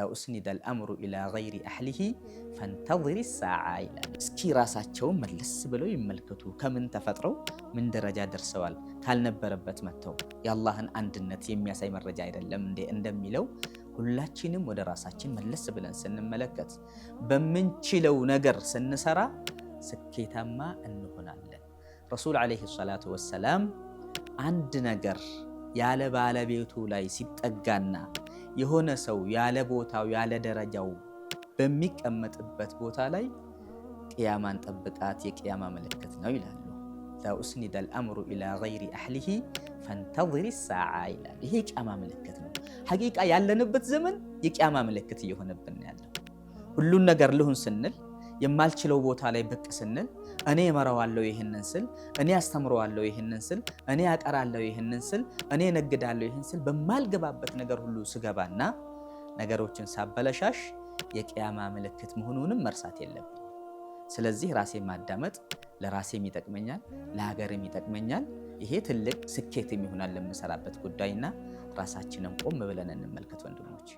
ኢዛ ኡስኒደ አልአምሩ ኢላ ገይሪ አህሊሂ ፈንተዝሪ ሰዓ ይላል። እስኪ ራሳቸውን መለስ ብለው ይመልከቱ። ከምን ተፈጥረው ምን ደረጃ ደርሰዋል? ካልነበረበት መጥተው የአላህን አንድነት የሚያሳይ መረጃ አይደለም እንዴ እንደሚለው ሁላችንም ወደ ራሳችን መለስ ብለን ስንመለከት በምንችለው ነገር ስንሰራ ስኬታማ እንሆናለን። ረሱል ዓለይሂ ሰላቱ ወሰላም አንድ ነገር ያለ ባለቤቱ ላይ ሲጠጋና የሆነ ሰው ያለ ቦታው ያለ ደረጃው በሚቀመጥበት ቦታ ላይ ቅያማን ጠብቃት የቅያማ ምልክት ነው ይላሉ። ላኡስኒደ ልአምሩ ኢላ ገይሪ አህሊሂ ፈንተዝሪ ሰዓ ይላሉ። ይሄ የቅያማ ምልክት ነው። ሀቂቃ ያለንበት ዘመን የቅያማ ምልክት እየሆነብን ያለው ሁሉን ነገር ልሁን ስንል የማልችለው ቦታ ላይ ብቅ ስንል እኔ እመራዋለሁ ይህንን ስል፣ እኔ አስተምረዋለሁ ይህንን ስል፣ እኔ አጠራለሁ ይህንን ስል፣ እኔ ነግዳለሁ ይህን ስል በማልገባበት ነገር ሁሉ ስገባና ነገሮችን ሳበለሻሽ የቅያማ ምልክት መሆኑንም መርሳት የለብኝ። ስለዚህ ራሴ ማዳመጥ ለራሴም ይጠቅመኛል፣ ለሀገርም ይጠቅመኛል። ይሄ ትልቅ ስኬትም ይሆናል ለምንሰራበት ጉዳይና ራሳችንም ቆም ብለን እንመልከት ወንድሞች።